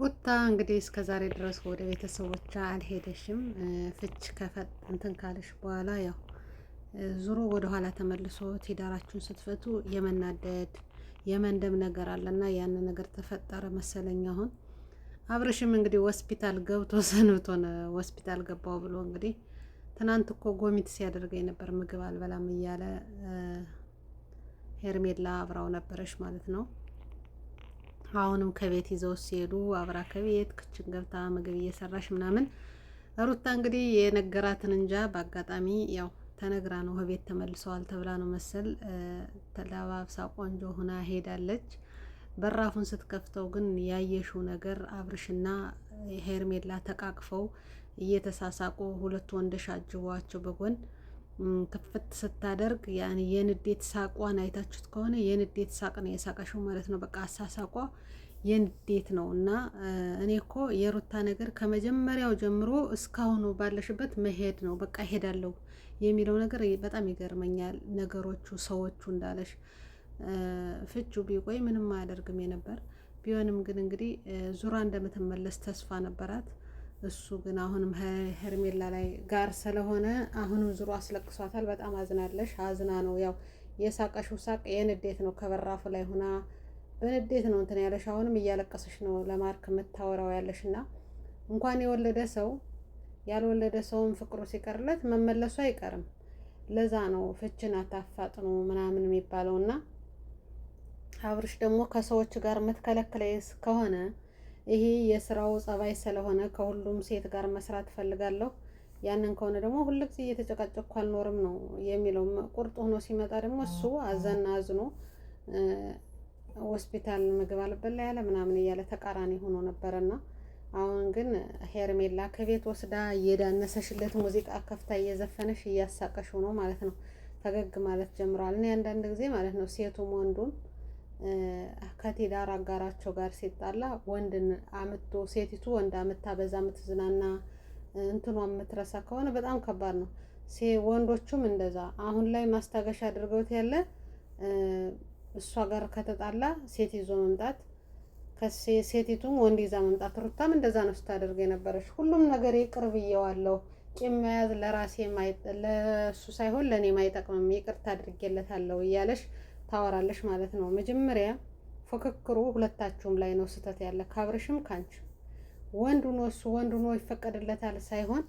ሩታ እንግዲህ እስከ ዛሬ ድረስ ወደ ቤተሰቦቿ አልሄደሽም። ፍች ከፈጥ እንትን ካለሽ በኋላ ያው ዙሮ ወደ ኋላ ተመልሶ ትዳራችሁን ስትፈቱ የመናደድ የመንደም ነገር አለና ያን ነገር ተፈጠረ መሰለኝ። አሁን አብርሽም እንግዲህ ሆስፒታል ገብቶ ሰንብቶ ሆስፒታል ገባው ብሎ እንግዲህ ትናንት እኮ ጎሚት ሲያደርገኝ ነበር ምግብ አልበላም እያለ ሄርሜላ አብራው ነበረች ማለት ነው። አሁንም ከቤት ይዘው ሲሄዱ አብራ ከቤት ክችን ገብታ ምግብ እየሰራሽ ምናምን ሩታ እንግዲህ የነገራትን እንጃ። በአጋጣሚ ያው ተነግራ ነው ከቤት ተመልሰዋል ተብላ ነው መሰል ተለባብሳ ቆንጆ ሁና ሄዳለች። በራፉን ስትከፍተው ግን ያየሽው ነገር አብርሽና ሄርሜላ ተቃቅፈው እየተሳሳቁ ሁለቱ ወንዶች አጅቧቸው በጎን ክፍት ስታደርግ ያን የንዴት ሳቋን አይታችሁት ከሆነ የንዴት ሳቅ ነው የሳቀሽው ማለት ነው። በቃ አሳሳቋ የንዴት ነው። እና እኔ እኮ የሩታ ነገር ከመጀመሪያው ጀምሮ እስካሁኑ ባለሽበት መሄድ ነው በቃ እሄዳለሁ የሚለው ነገር በጣም ይገርመኛል። ነገሮቹ፣ ሰዎቹ እንዳለሽ ፍቹ ቢቆይ ምንም አያደርግም የነበር ቢሆንም ግን እንግዲህ ዙራ እንደምትመለስ ተስፋ ነበራት። እሱ ግን አሁንም ሄርሜላ ላይ ጋር ስለሆነ አሁንም ዙሮ አስለቅሷታል። በጣም አዝናለሽ። አዝና ነው ያው የሳቀሽው ሳቅ የንዴት ነው። ከበራፉ ላይ ሁና በንዴት ነው እንትን ያለሽ። አሁንም እያለቀሰሽ ነው ለማርክ የምታወራው ያለሽ እና እንኳን የወለደ ሰው ያልወለደ ሰውን ፍቅሩ ሲቀርለት መመለሱ አይቀርም። ለዛ ነው ፍችን አታፋጥኑ ምናምን የሚባለው እና አብርሽ ደግሞ ከሰዎች ጋር የምትከለክለይስ ከሆነ ይሄ የስራው ጸባይ ስለሆነ ከሁሉም ሴት ጋር መስራት እፈልጋለሁ። ያንን ከሆነ ደግሞ ሁልጊዜ እየተጨቃጨቅኩ አልኖርም ነው የሚለው። ቁርጥ ሆኖ ሲመጣ ደግሞ እሱ አዘና አዝኖ ሆስፒታል ምግብ አልበላ ያለ ምናምን እያለ ተቃራኒ ሆኖ ነበረና አሁን ግን ሄርሜላ ከቤት ወስዳ እየዳነሰሽለት ሙዚቃ ከፍታ እየዘፈነሽ እያሳቀሽ ሆኖ ማለት ነው። ፈገግ ማለት ጀምረዋል። እኔ አንዳንድ ጊዜ ማለት ነው ሴቱም ወንዱም ከቴዳር አጋራቸው ጋር ሲጣላ ወንድን አምቶ ሴቲቱ ወንድ አምታ በዛ ምትዝናና እንትኗ የምትረሳ ከሆነ በጣም ከባድ ነው። ወንዶቹም እንደዛ አሁን ላይ ማስታገሻ አድርገውት ያለ እሷ ጋር ከተጣላ ሴት ይዞ መምጣት ሴቲቱም ወንድ ይዛ መምጣት። ሩታም እንደዛ ነው ስታደርግ የነበረች። ሁሉም ነገር ይቅር ብዬዋለሁ፣ ቂም መያዝ ለራሴ ለእሱ ሳይሆን ለእኔ ማይጠቅምም፣ ይቅርታ አድርጌለታለሁ እያለሽ ታወራለሽ ማለት ነው። መጀመሪያ ፉክክሩ ሁለታችሁም ላይ ነው ስህተት ያለ ካብርሽም ካንች ወንድ ሆኖ እሱ ወንድ ሆኖ ይፈቀድለታል ሳይሆን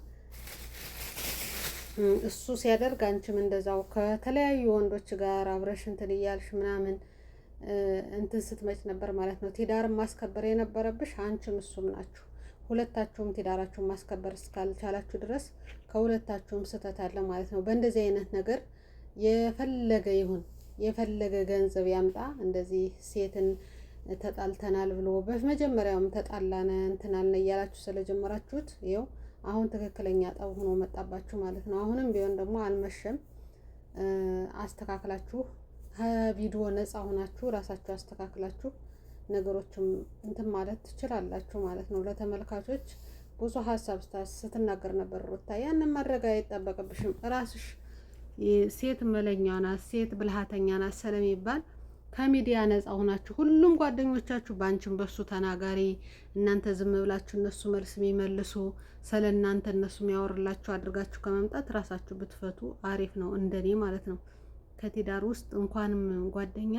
እሱ ሲያደርግ አንቺም እንደዛው ከተለያዩ ወንዶች ጋር አብረሽ እንትን እያልሽ ምናምን እንትን ስትመጭ ነበር ማለት ነው። ትዳርን ማስከበር የነበረብሽ አንቺም እሱም ናችሁ። ሁለታችሁም ትዳራችሁን ማስከበር እስካልቻላችሁ ድረስ ከሁለታችሁም ስህተት አለ ማለት ነው። በእንደዚህ አይነት ነገር የፈለገ ይሁን የፈለገ ገንዘብ ያምጣ እንደዚህ ሴትን ተጣልተናል ብሎ በመጀመሪያውም ተጣላነ እንትናልነ እያላችሁ ስለጀመራችሁት ይኸው አሁን ትክክለኛ ጠብ ሆኖ መጣባችሁ ማለት ነው። አሁንም ቢሆን ደግሞ አልመሸም። አስተካክላችሁ ከቪዲዮ ነጻ ሆናችሁ ራሳችሁ አስተካክላችሁ ነገሮችም እንትን ማለት ትችላላችሁ ማለት ነው። ለተመልካቾች ብዙ ሀሳብ ስትናገር ነበር ሩታ። ያንን ማድረግ አይጠበቅብሽም ራስሽ ሴት መለኛ ናት፣ ሴት ብልሃተኛ ናት ስለሚባል ከሚዲያ ነጻ ሆናችሁ ሁሉም ጓደኞቻችሁ በአንቺም በሱ ተናጋሪ፣ እናንተ ዝም ብላችሁ እነሱ መልስ የሚመልሱ ስለ እናንተ እነሱ የሚያወርላችሁ አድርጋችሁ ከመምጣት ራሳችሁ ብትፈቱ አሪፍ ነው፣ እንደኔ ማለት ነው። ከትዳር ውስጥ እንኳንም ጓደኛ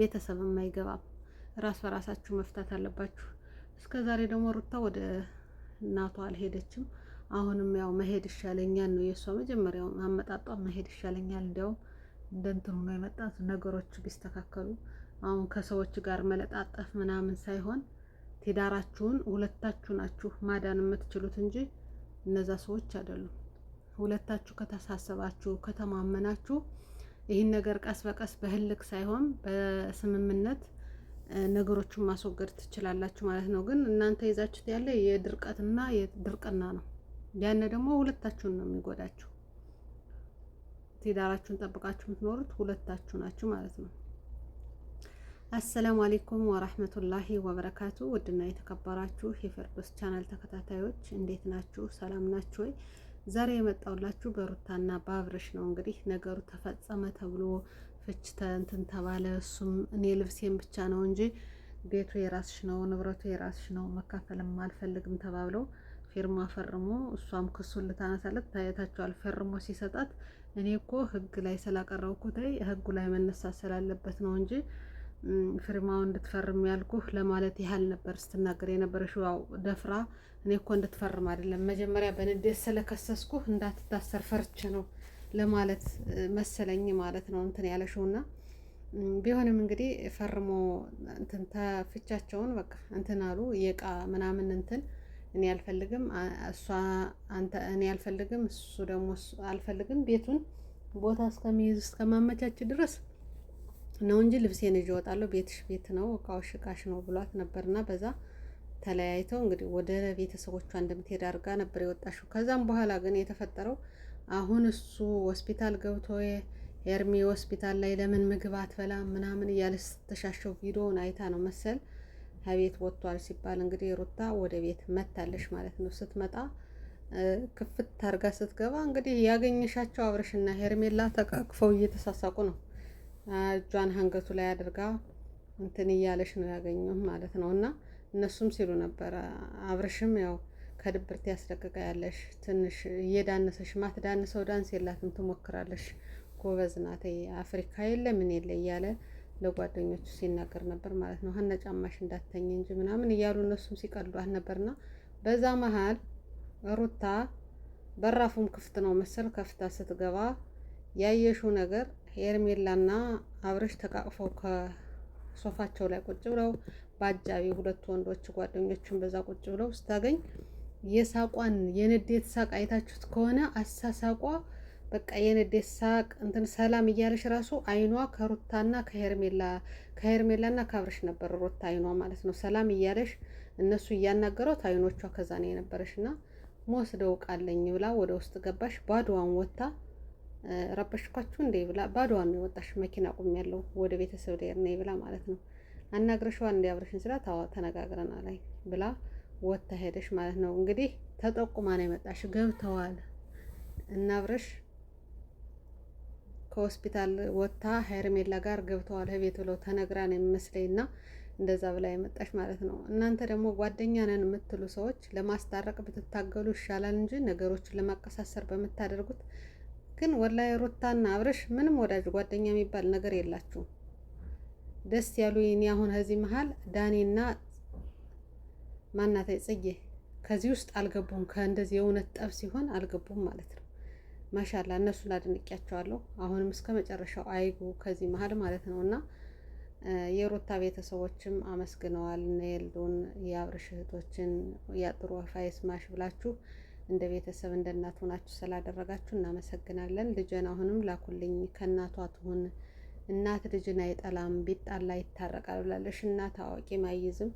ቤተሰብ የማይገባም ራስ በራሳችሁ መፍታት አለባችሁ። እስከ ዛሬ ደግሞ ሩታ ወደ እናቷ አልሄደችም። አሁንም ያው መሄድ ይሻለኛል ነው የእሷ መጀመሪያው አመጣጧ፣ መሄድ ይሻለኛል እንዲያውም እንደንትኑ ነው የመጣት ነገሮች ቢስተካከሉ አሁን ከሰዎች ጋር መለጣጠፍ ምናምን ሳይሆን ትዳራችሁን ሁለታችሁ ናችሁ ማዳን የምትችሉት እንጂ እነዛ ሰዎች አይደሉም። ሁለታችሁ ከተሳሰባችሁ፣ ከተማመናችሁ ይህን ነገር ቀስ በቀስ በህልክ ሳይሆን በስምምነት ነገሮችን ማስወገድ ትችላላችሁ ማለት ነው። ግን እናንተ ይዛችሁት ያለ የድርቀትና የድርቅና ነው። ያነ ደግሞ ሁለታችሁን ነው የሚጎዳችሁ። ትዳራችሁን ጠብቃችሁ የምትኖሩት ሁለታችሁ ናችሁ ማለት ነው። አሰላሙ አሌይኩም ወራህመቱላሂ ወበረካቱ። ውድና የተከበራችሁ የፌርዶስ ቻናል ተከታታዮች እንዴት ናችሁ? ሰላም ናችሁ ወይ? ዛሬ የመጣውላችሁ በሩታና በአብርሽ ነው። እንግዲህ ነገሩ ተፈጸመ ተብሎ ፍች እንትን ተባለ። እሱም እኔ ልብሴን ብቻ ነው እንጂ ቤቱ የራስሽ ነው፣ ንብረቱ የራስሽ ነው፣ መካፈልም አልፈልግም ተባብለው ፊርማ ፈርሞ እሷም ክሱን ልታነሳለት ታየታቸዋል። ፈርሞ ሲሰጣት እኔ እኮ ህግ ላይ ስላቀረብኩ ህጉ ላይ መነሳት ስላለበት ነው እንጂ ፊርማው እንድትፈርም ያልኩህ ለማለት ያህል ነበር ስትናገር የነበረሽ። ያው ደፍራ እኔ እኮ እንድትፈርም አይደለም መጀመሪያ በንዴት ስለከሰስኩህ እንዳትታሰር ፈርቼ ነው ለማለት መሰለኝ ማለት ነው እንትን ያለሽውና ቢሆንም እንግዲህ ፈርሞ እንትን ተፍቻቸውን በቃ እንትን አሉ የቃ ምናምን እንትን እኔ አልፈልግም እሷ አንተ እኔ አልፈልግም እሱ ደግሞ አልፈልግም ቤቱን ቦታ እስከሚይዝ እስከማመቻች ድረስ ነው እንጂ ልብሴን ይዤ እወጣለሁ። ቤትሽ ቤት ነው እቃዎች እቃሽ ነው ብሏት ነበርና በዛ ተለያይተው እንግዲህ ወደ ቤተሰቦቿ እንደምትሄድ አድርጋ ነበር የወጣሽው። ከዛም በኋላ ግን የተፈጠረው አሁን እሱ ሆስፒታል ገብቶ ኤርሚ ሆስፒታል ላይ ለምን ምግብ በላ ምናምን እያለ ስትሻሸው ቪዲዮውን አይታ ነው መሰል ከቤት ወጥቷል ሲባል እንግዲህ ሩታ ወደ ቤት መታለሽ ማለት ነው። ስትመጣ ክፍት ታርጋ ስትገባ እንግዲህ ያገኘሻቸው አብረሽና ሄርሜላ ተቃቅፈው እየተሳሳቁ ነው። እጇን አንገቱ ላይ አድርጋ እንትን እያለሽ ነው ያገኘው ማለት ነው። እና እነሱም ሲሉ ነበረ አብረሽም ያው ከድብርት ያስለቀቀ ያለሽ ትንሽ እየዳነሰሽ ማትዳንሰው ዳንስ የላትም ትሞክራለሽ፣ ጎበዝ ናት፣ አፍሪካ የለ ምን የለ እያለ ለጓደኞቹ ሲናገር ነበር ማለት ነው። ሀና ጫማሽ እንዳተኝ እንጂ ምናምን እያሉ እነሱም ሲቀልዷት ነበርና በዛ መሀል ሩታ በራፉም ክፍት ነው መሰል ከፍታ ስትገባ ያየሽው ነገር ሄርሜላና አብረሽ ተቃቅፈው ከሶፋቸው ላይ ቁጭ ብለው በአጃቢ ሁለቱ ወንዶች ጓደኞቹን በዛ ቁጭ ብለው ስታገኝ የሳቋን የንዴት ሳቅ አይታችሁት ከሆነ አሳሳቋ በቃ የንዴት ሳቅ እንትን ሰላም እያለሽ ራሱ አይኗ ከሩታና ከሄርሜላ ከሄርሜላና ካብረሽ ነበር ሩታ አይኗ ማለት ነው። ሰላም እያለሽ እነሱ እያናገሯት አይኖቿ ከዛ ነው የነበረሽ እና መወስደው ቃለኝ ብላ ወደ ውስጥ ገባሽ። ባዶዋን ወታ ረበሽኳችሁ እንዴ ብላ ባዶዋን ነው የወጣሽ። መኪና ቁም ያለው ወደ ቤተሰብ ደር ነው ብላ ማለት ነው። አናግረሽዋን እንዲ አብረሽን ስላ ተነጋግረና ላይ ብላ ወታ ሄደሽ ማለት ነው። እንግዲህ ተጠቁማ ነው የመጣሽ ገብተዋል እናብረሽ ከሆስፒታል ወጥታ ሄርሜላ ጋር ገብተዋል ቤት ብለው ተነግራን የሚመስለኝና እንደዛ ብላ የመጣሽ ማለት ነው። እናንተ ደግሞ ጓደኛ ነን የምትሉ ሰዎች ለማስታረቅ ብትታገሉ ይሻላል እንጂ ነገሮችን ለማቀሳሰር በምታደርጉት ግን ወላሂ ሩታና አብረሽ ምንም ወዳጅ ጓደኛ የሚባል ነገር የላችሁም። ደስ ያሉ እኔ አሁን እዚህ መሀል ዳኒና ማናታይ ጽጌ ከዚህ ውስጥ አልገቡም። ከእንደዚህ የእውነት ጠብ ሲሆን አልገቡም ማለት ነው። ማሻላ እነሱን አድንቂያቸዋለሁ። አሁንም እስከ መጨረሻው አይጉ ከዚህ መሀል ማለት ነው እና የሩታ ቤተሰቦችም አመስግነዋል። እነ የልዱን የአብርሽ እህቶችን ያጥሩ አፋይስ ማሽ ብላችሁ እንደ ቤተሰብ እንደ እናት ሆናችሁ ስላደረጋችሁ እናመሰግናለን። ልጅን አሁንም ላኩልኝ ከእናቷ ትሁን እናት ልጅን አይጠላም ቢጣላ ይታረቃል ብላለሽ እናት ታዋቂ አይይዝም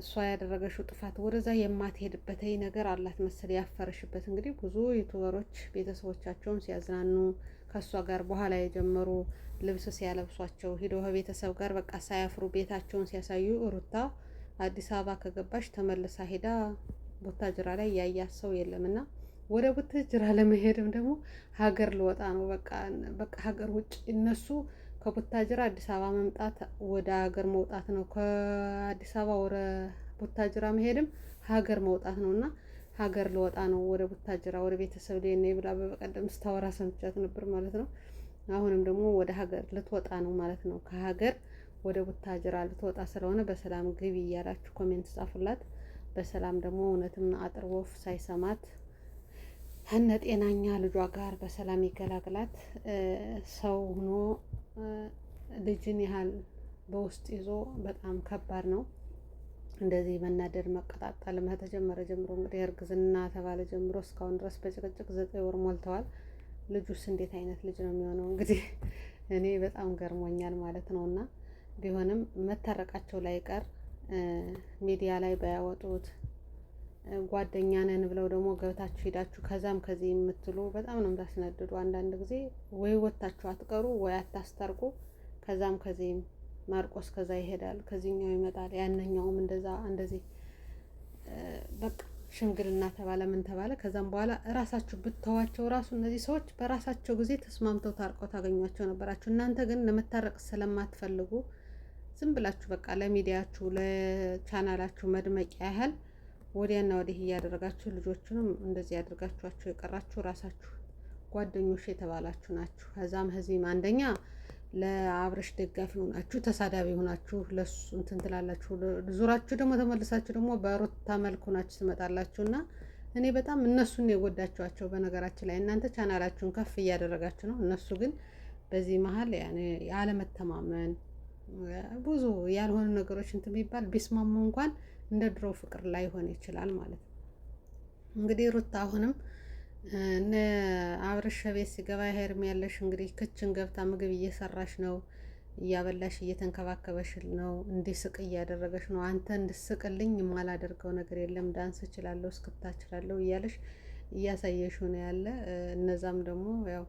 እሷ ያደረገሽው ጥፋት ወደዛ የማትሄድበት ነገር አላት መሰል ያፈረሽበት። እንግዲህ ብዙ ዩቱበሮች ቤተሰቦቻቸውን ሲያዝናኑ ከእሷ ጋር በኋላ የጀመሩ ልብስ ሲያለብሷቸው ሂዶ ከቤተሰብ ጋር በቃ ሳያፍሩ ቤታቸውን ሲያሳዩ ሩታ አዲስ አበባ ከገባሽ ተመልሳ ሄዳ ቡታጅራ ላይ ያያት ሰው የለምና ወደ ቡታጅራ ለመሄድም ደግሞ ሀገር ልወጣ ነው በቃ ሀገር ውጭ እነሱ ከቡታጅራ አዲስ አበባ መምጣት ወደ ሀገር መውጣት ነው። ከአዲስ አበባ ወደ ቡታጅራ መሄድም ሀገር መውጣት ነው እና ሀገር ልወጣ ነው ወደ ቡታጅራ ወደ ቤተሰብ ሊሄድ ነው ብላ በቀደም ስታወራ ሰምቻት ነበር ማለት ነው። አሁንም ደግሞ ወደ ሀገር ልትወጣ ነው ማለት ነው። ከሀገር ወደ ቡታጅራ ልትወጣ ስለሆነ በሰላም ግቢ እያላችሁ ኮሜንት ጻፉላት። በሰላም ደግሞ እውነትም አጥር ወፍ ሳይሰማት እነ ጤናኛ ልጇ ጋር በሰላም ይገላግላት። ሰው ሆኖ ልጅን ያህል በውስጥ ይዞ በጣም ከባድ ነው። እንደዚህ መናደድ፣ መቀጣጠል ከተጀመረ ጀምሮ እንግዲህ እርግዝና ተባለ ጀምሮ እስካሁን ድረስ በጭቅጭቅ ዘጠኝ ወር ሞልተዋል። ልጁስ እንዴት አይነት ልጅ ነው የሚሆነው? እንግዲህ እኔ በጣም ገርሞኛል ማለት ነው። እና ቢሆንም መታረቃቸው ላይ ቀር ሚዲያ ላይ ባያወጡት ጓደኛ ነን ብለው ደግሞ ገብታችሁ ሄዳችሁ ከዛም ከዚህ የምትሉ በጣም ነው የምታስነድዱ። አንዳንድ ጊዜ ወይ ወታችሁ አትቀሩ ወይ አታስታርቁ። ከዛም ከዚህም ማርቆስ ከዛ ይሄዳል፣ ከዚህኛው ይመጣል፣ ያነኛውም እንደዛ እንደዚህ በቃ ሽምግልና ተባለ ምን ተባለ። ከዛም በኋላ እራሳችሁ ብትተዋቸው እራሱ እነዚህ ሰዎች በራሳቸው ጊዜ ተስማምተው ታርቀው ታገኟቸው ነበራችሁ። እናንተ ግን ለመታረቅ ስለማትፈልጉ ዝም ብላችሁ በቃ ለሚዲያችሁ ለቻናላችሁ መድመቂያ ያህል ወዲያና ወዲህ እያደረጋችሁ ልጆቹንም እንደዚህ ያደርጋችኋቸው የቀራችሁ ራሳችሁ ጓደኞች የተባላችሁ ናችሁ። ከዛም ህዚህም አንደኛ ለአብረሽ ደጋፊ ሆናችሁ ተሳዳቢ ሆናችሁ ለሱ እንትን ትላላችሁ። ዙራችሁ ደግሞ ተመልሳችሁ ደግሞ በሮታ መልክ ሆናችሁ ትመጣላችሁ እና እኔ በጣም እነሱን የጎዳችኋቸው። በነገራችን ላይ እናንተ ቻናላችሁን ከፍ እያደረጋችሁ ነው። እነሱ ግን በዚህ መሀል ያለመተማመን ብዙ ያልሆኑ ነገሮች እንትን የሚባል ቢስማሙ እንኳን እንደ ድሮ ፍቅር ላይሆን ይችላል ማለት ነው። እንግዲህ ሩታ አሁንም እነ አብርሽ ቤት ሲገባ ያለሽ እንግዲህ ክችን ገብታ ምግብ እየሰራሽ ነው፣ እያበላሽ እየተንከባከበሽ ነው፣ እንዲስቅ እያደረገሽ ነው። አንተ እንድስቅልኝ የማላደርገው ነገር የለም፣ ዳንስ እችላለሁ፣ እስክታ እችላለሁ እያለሽ እያሳየሽው ነው ያለ። እነዛም ደግሞ ያው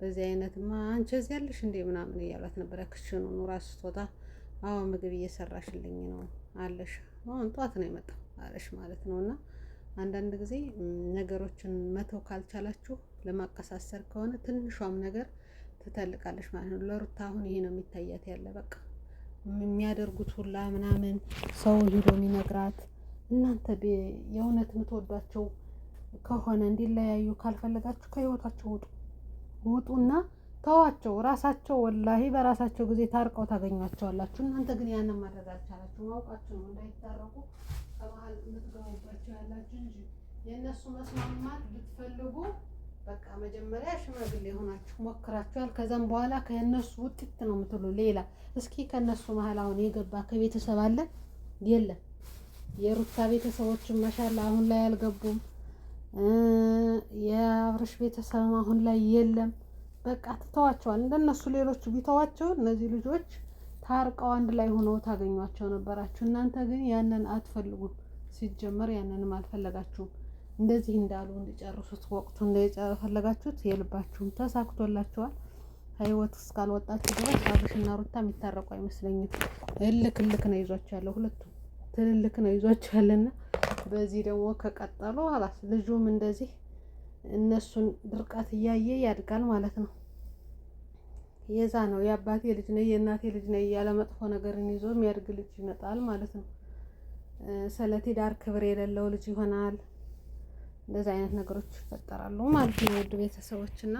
በዚህ አይነትማ አንቺ እዚህ ያለሽ እንዴ ምናምን እያሏት ነበረ። ክችኑ ራሱ ስትወጣ አዎ ምግብ እየሰራሽልኝ ነው አለሽ አሁን ጠዋት ነው የመጣው አለሽ ማለት ነው። እና አንዳንድ ጊዜ ነገሮችን መተው ካልቻላችሁ ለማቀሳሰር ከሆነ ትንሿም ነገር ትተልቃለች ማለት ነው። ለሩታ አሁን ይሄ ነው የሚታያት ያለ በቃ የሚያደርጉት ሁላ ምናምን ሰው ሂዶ የሚነግራት እናንተ የእውነት የምትወዷቸው ከሆነ እንዲለያዩ ካልፈለጋችሁ ከህይወታቸው ውጡ ውጡና ተዋቸው። ራሳቸው ወላሂ በራሳቸው ጊዜ ታርቀው ታገኟቸዋላችሁ። እናንተ ግን ያንን ማድረግ አልቻላችሁ። ማውቃችሁ ነው እንዳይታረቁ ከመሀል የምትገቡባቸው ያላችሁ እንጂ የእነሱ መስማማት ብትፈልጉ በቃ መጀመሪያ ሽማግሌ ሆናችሁ ሞክራችኋል። ከዛም በኋላ ከእነሱ ውጤት ነው የምትሉ ሌላ። እስኪ ከእነሱ መሀል አሁን የገባ ከቤተሰብ አለ የለም? የሩታ ቤተሰቦችን ማሻላ አሁን ላይ አልገቡም። የአብርሽ ቤተሰብም አሁን ላይ የለም። በቃ ትተዋቸዋል። እንደነሱ ሌሎቹ ቢተዋቸው እነዚህ ልጆች ታርቀው አንድ ላይ ሆነው ታገኟቸው ነበራችሁ። እናንተ ግን ያንን አትፈልጉም። ሲጀመር ያንንም አልፈለጋችሁም። እንደዚህ እንዳሉ እንዲጨርሱት ወቅቱ እንደፈለጋችሁት የልባችሁም ተሳክቶላችኋል። ህይወት እስካልወጣችሁ ድረስ አብርሽና ሩታ የሚታረቁ አይመስለኝም። እልክ እልክ ነው ይዟቸው ያለው፣ ሁለቱም ትልልክ ነው ይዟቸው ያለና በዚህ ደግሞ ከቀጠሉ አላስ ልጁም እንደዚህ እነሱን ድርቀት እያየ ያድጋል ማለት ነው። የዛ ነው የአባቴ ልጅ ነኝ የእናቴ ልጅ ነኝ እያለ መጥፎ ነገርን ይዞ የሚያድግ ልጅ ይመጣል ማለት ነው። ስለ ዳር ክብር የሌለው ልጅ ይሆናል። እንደዚህ አይነት ነገሮች ይፈጠራሉ ማለት ነው። ውድ ቤተሰቦችና